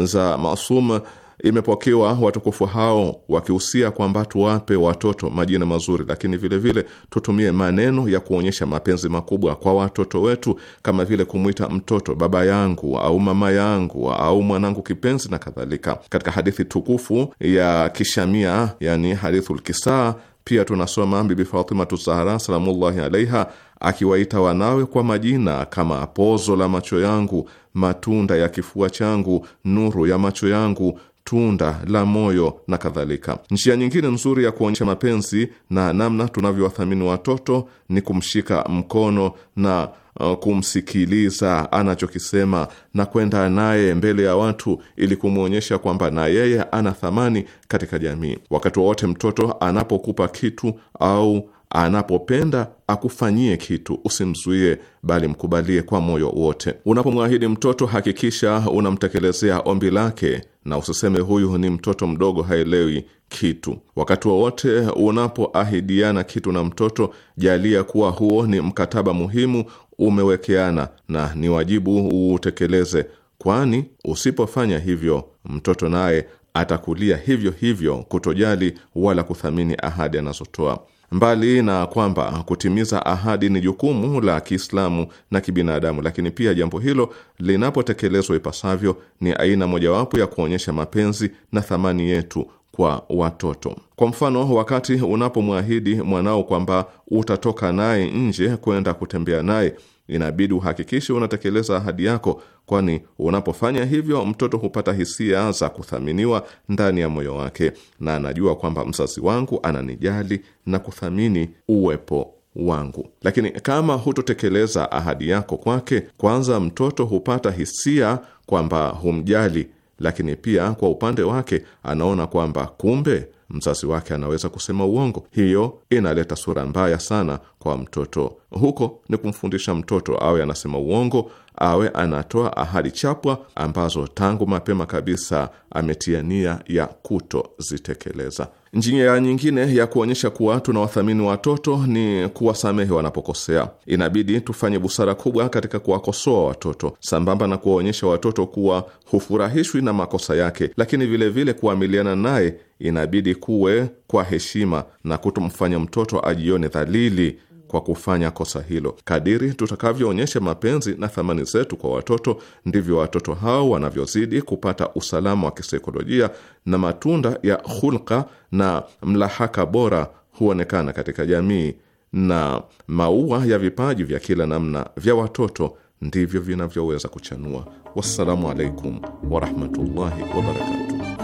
za Masum imepokewa watukufu hao wakihusia kwamba tuwape watoto majina mazuri, lakini vilevile vile tutumie maneno ya kuonyesha mapenzi makubwa kwa watoto wetu, kama vile kumwita mtoto baba yangu au mama yangu au mwanangu kipenzi na kadhalika. Katika hadithi tukufu ya Kishamia, yani hadithul Kisaa pia tunasoma Bibi Fatimatu Zahra salamullahi alaiha akiwaita wanawe kwa majina kama pozo la macho yangu, matunda ya kifua changu, nuru ya macho yangu, tunda la moyo na kadhalika. Njia nyingine nzuri ya kuonyesha mapenzi na namna tunavyowathamini watoto ni kumshika mkono na Uh, kumsikiliza anachokisema na kwenda naye mbele ya watu ili kumwonyesha kwamba na yeye ana thamani katika jamii. Wakati wowote mtoto anapokupa kitu au anapopenda akufanyie kitu, usimzuie, bali mkubalie kwa moyo wote. Unapomwahidi mtoto, hakikisha unamtekelezea ombi lake na usiseme huyu ni mtoto mdogo, haelewi kitu. Wakati wowote unapoahidiana kitu na mtoto, jalia kuwa huo ni mkataba muhimu umewekeana na ni wajibu uutekeleze, kwani usipofanya hivyo mtoto naye atakulia hivyo hivyo, kutojali wala kuthamini ahadi anazotoa. Mbali na kwamba kutimiza ahadi ni jukumu la Kiislamu na kibinadamu, lakini pia jambo hilo linapotekelezwa ipasavyo ni aina mojawapo ya kuonyesha mapenzi na thamani yetu kwa watoto. Kwa mfano, wakati unapomwahidi mwanao kwamba utatoka naye nje kwenda kutembea naye, inabidi uhakikishe unatekeleza ahadi yako, kwani unapofanya hivyo, mtoto hupata hisia za kuthaminiwa ndani ya moyo wake na anajua kwamba mzazi wangu ananijali na kuthamini uwepo wangu. Lakini kama hutotekeleza ahadi yako kwake, kwanza mtoto hupata hisia kwamba humjali lakini pia kwa upande wake anaona kwamba kumbe mzazi wake anaweza kusema uongo. Hiyo inaleta sura mbaya sana kwa mtoto. Huko ni kumfundisha mtoto awe anasema uongo, awe anatoa ahadi chapwa ambazo tangu mapema kabisa ametia nia ya kutozitekeleza. Njia nyingine ya kuonyesha kuwa tunawathamini watoto ni kuwasamehe wanapokosea. Inabidi tufanye busara kubwa katika kuwakosoa watoto, sambamba na kuwaonyesha watoto kuwa hufurahishwi na makosa yake, lakini vilevile kuamiliana naye inabidi kuwe kwa heshima na kutomfanya mtoto ajione dhalili kwa kufanya kosa hilo. Kadiri tutakavyoonyesha mapenzi na thamani zetu kwa watoto, ndivyo watoto hao wanavyozidi kupata usalama wa kisaikolojia na matunda ya hulka na mlahaka bora huonekana katika jamii, na maua ya vipaji vya kila namna vya watoto ndivyo vinavyoweza kuchanua. Wassalamu alaikum warahmatullahi wabarakatuh.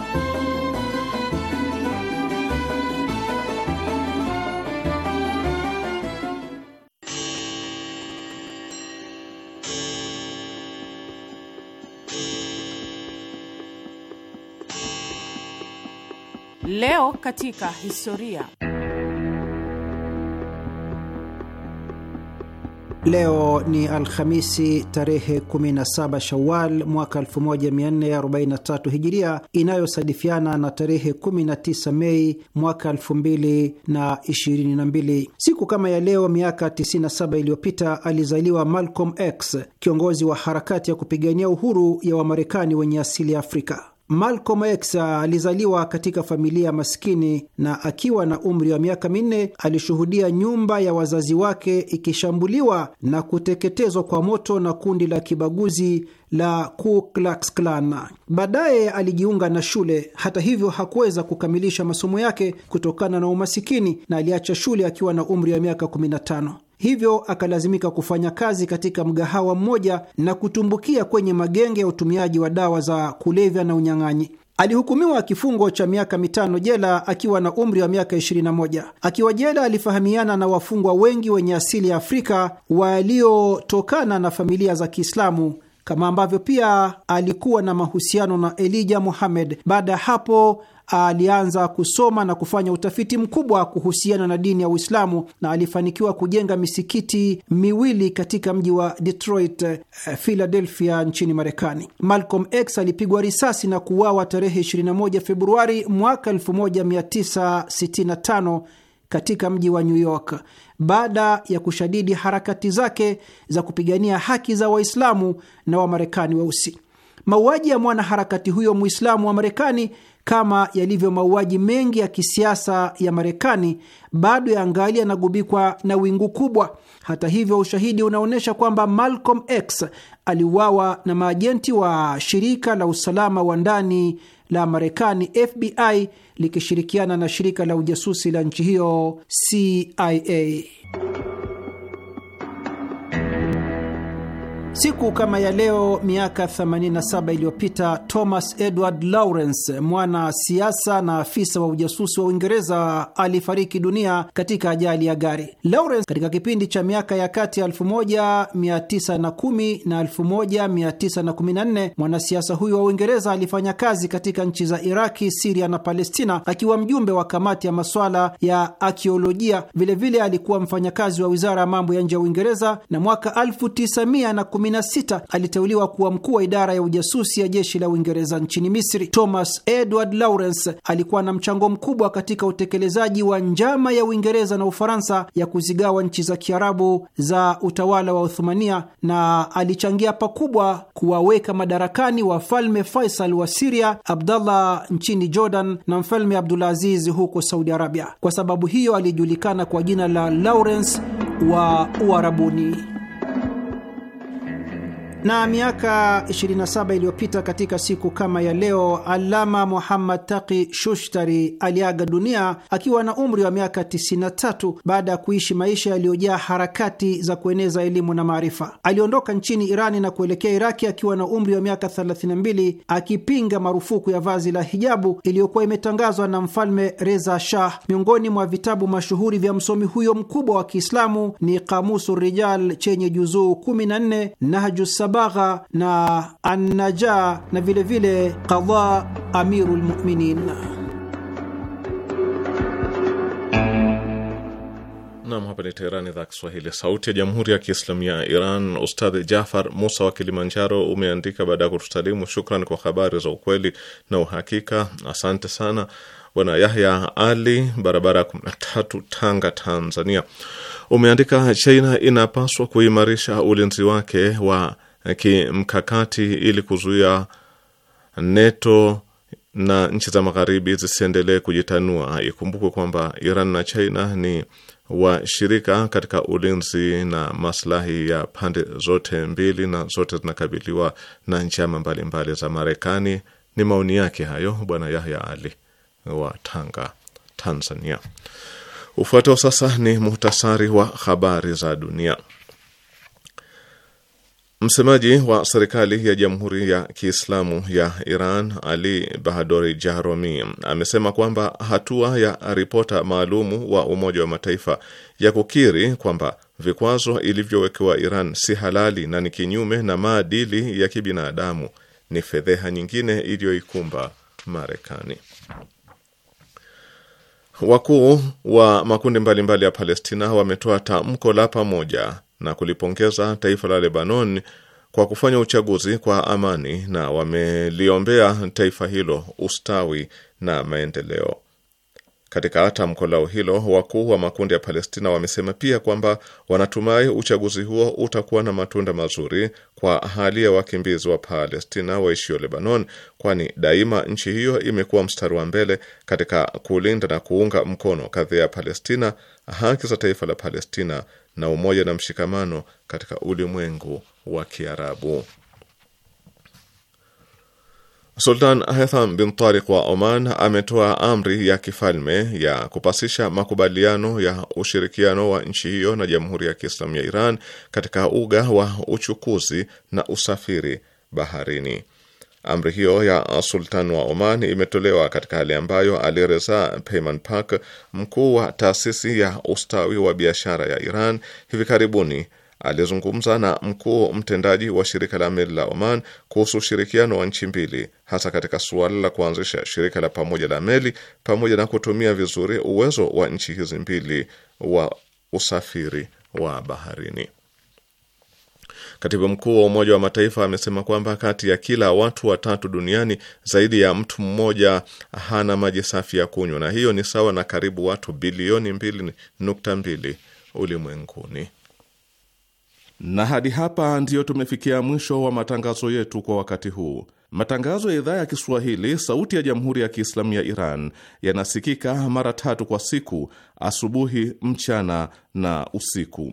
Leo katika historia. Leo ni Alhamisi tarehe 17 Shawal mwaka 1443 Hijiria, inayosadifiana na tarehe 19 Mei mwaka 2022. Siku kama ya leo miaka 97 iliyopita alizaliwa Malcolm X, kiongozi wa harakati ya kupigania uhuru ya Wamarekani wenye asili ya Afrika. Malcolm X alizaliwa katika familia maskini na akiwa na umri wa miaka minne alishuhudia nyumba ya wazazi wake ikishambuliwa na kuteketezwa kwa moto na kundi la kibaguzi la Ku Klux Klan. Baadaye alijiunga na shule. Hata hivyo, hakuweza kukamilisha masomo yake kutokana na umasikini na aliacha shule akiwa na umri wa miaka 15 hivyo akalazimika kufanya kazi katika mgahawa mmoja na kutumbukia kwenye magenge ya utumiaji wa dawa za kulevya na unyang'anyi. Alihukumiwa kifungo cha miaka mitano jela akiwa na umri wa miaka 21. Akiwa jela, alifahamiana na wafungwa wengi wenye asili ya Afrika waliotokana na familia za Kiislamu kama ambavyo pia alikuwa na mahusiano na Elijah Muhammad. Baada ya hapo alianza kusoma na kufanya utafiti mkubwa kuhusiana na dini ya Uislamu na alifanikiwa kujenga misikiti miwili katika mji wa Detroit, eh, Philadelphia nchini Marekani. Malcolm X alipigwa risasi na kuuawa tarehe 21 Februari mwaka 1965 katika mji wa New York baada ya kushadidi harakati zake za kupigania haki za Waislamu na Wamarekani weusi. Mauaji ya mwanaharakati huyo Muislamu wa Marekani, kama yalivyo mauaji mengi ya kisiasa ya Marekani, bado ya ngali yanagubikwa na wingu kubwa. Hata hivyo, ushahidi unaonyesha kwamba Malcolm X aliuawa na maajenti wa shirika la usalama wa ndani la Marekani FBI likishirikiana na shirika la ujasusi la nchi hiyo CIA. Siku kama ya leo miaka 87 iliyopita Thomas Edward Lawrence, mwana siasa na afisa wa ujasusi wa Uingereza, alifariki dunia katika ajali ya gari. Lawrence katika kipindi cha miaka ya kati ya 1910 na 1914, mwanasiasa huyo wa Uingereza alifanya kazi katika nchi za Iraki, Siria na Palestina akiwa mjumbe wa kamati ya maswala ya akiolojia. Vilevile alikuwa mfanyakazi wa wizara ya mambo ya nje ya Uingereza na mwaka 9 16 aliteuliwa kuwa mkuu wa idara ya ujasusi ya jeshi la Uingereza nchini Misri. Thomas Edward Lawrence alikuwa na mchango mkubwa katika utekelezaji wa njama ya Uingereza na Ufaransa ya kuzigawa nchi za Kiarabu za utawala wa Uthumania na alichangia pakubwa kuwaweka madarakani wafalme Faisal wa Siria, Abdallah nchini Jordan na mfalme Abdulaziz huko Saudi Arabia. Kwa sababu hiyo alijulikana kwa jina la Lawrence wa Uarabuni. Na miaka 27 iliyopita katika siku kama ya leo, Alama Muhammad Taqi Shushtari aliaga dunia akiwa na umri wa miaka 93 baada ya kuishi maisha yaliyojaa harakati za kueneza elimu na maarifa. Aliondoka nchini Irani na kuelekea Iraki akiwa na umri wa miaka 32 akipinga marufuku ya vazi la hijabu iliyokuwa imetangazwa na Mfalme Reza Shah. Miongoni mwa vitabu mashuhuri vya msomi huyo mkubwa wa Kiislamu ni Kamusu Rijal chenye juzuu 14 Nahjus Sabagha na Annaja na vilevile Qadha Amiru lmuminin. Nam, hapa ni Teherani, idhaa Kiswahili, sauti ya jamhuri ya kiislamu ya Iran. Ustadhi Jafar Musa wa Kilimanjaro umeandika baada ya kutusalimu, shukran kwa habari za ukweli na uhakika, asante sana. Bwana Yahya Ali, barabara ya kumi na tatu, Tanga, Tanzania, umeandika China inapaswa kuimarisha ulinzi wake wa kimkakati ili kuzuia NATO na nchi za magharibi zisiendelee kujitanua. Ikumbukwe kwamba Iran na China ni washirika katika ulinzi na maslahi ya pande zote mbili, na zote zinakabiliwa na njama mbalimbali za Marekani. Ni maoni yake hayo Bwana Yahya Ali wa Tanga, Tanzania. Ufuatao sasa ni muhtasari wa habari za dunia. Msemaji wa serikali ya Jamhuri ya Kiislamu ya Iran Ali Bahadori Jahromi amesema kwamba hatua ya ripota maalumu wa Umoja wa Mataifa ya kukiri kwamba vikwazo ilivyowekewa Iran si halali na ni kinyume na maadili ya kibinadamu ni fedheha nyingine iliyoikumba Marekani. Wakuu wa makundi mbalimbali mbali ya Palestina wametoa tamko la pamoja na kulipongeza taifa la Lebanon kwa kufanya uchaguzi kwa amani na wameliombea taifa hilo ustawi na maendeleo. Katika tamko lao hilo, wakuu wa makundi ya Palestina wamesema pia kwamba wanatumai uchaguzi huo utakuwa na matunda mazuri kwa hali ya wakimbizi wa Palestina waishio Lebanon, kwani daima nchi hiyo imekuwa mstari wa mbele katika kulinda na kuunga mkono kadhia ya Palestina, haki za taifa la Palestina na umoja na mshikamano katika ulimwengu wa Kiarabu. Sultan Haitham bin Tariq wa Oman ametoa amri ya kifalme ya kupasisha makubaliano ya ushirikiano wa nchi hiyo na Jamhuri ya Kiislamu ya Iran katika uga wa uchukuzi na usafiri baharini. Amri hiyo ya Sultan wa Oman imetolewa katika hali ambayo Alireza Payman Peimanpak, mkuu wa taasisi ya ustawi wa biashara ya Iran, hivi karibuni alizungumza na mkuu mtendaji wa shirika la meli la Oman kuhusu ushirikiano wa nchi mbili, hasa katika suala la kuanzisha shirika la pamoja la meli pamoja na kutumia vizuri uwezo wa nchi hizi mbili wa usafiri wa baharini. Katibu mkuu wa Umoja wa Mataifa amesema kwamba kati ya kila watu watatu duniani zaidi ya mtu mmoja hana maji safi ya kunywa, na hiyo ni sawa na karibu watu bilioni mbili nukta mbili ulimwenguni. Na hadi hapa ndiyo tumefikia mwisho wa matangazo yetu kwa wakati huu. Matangazo ya idhaa ya Kiswahili sauti ya jamhuri ya Kiislamu ya Iran yanasikika mara tatu kwa siku: asubuhi, mchana na usiku.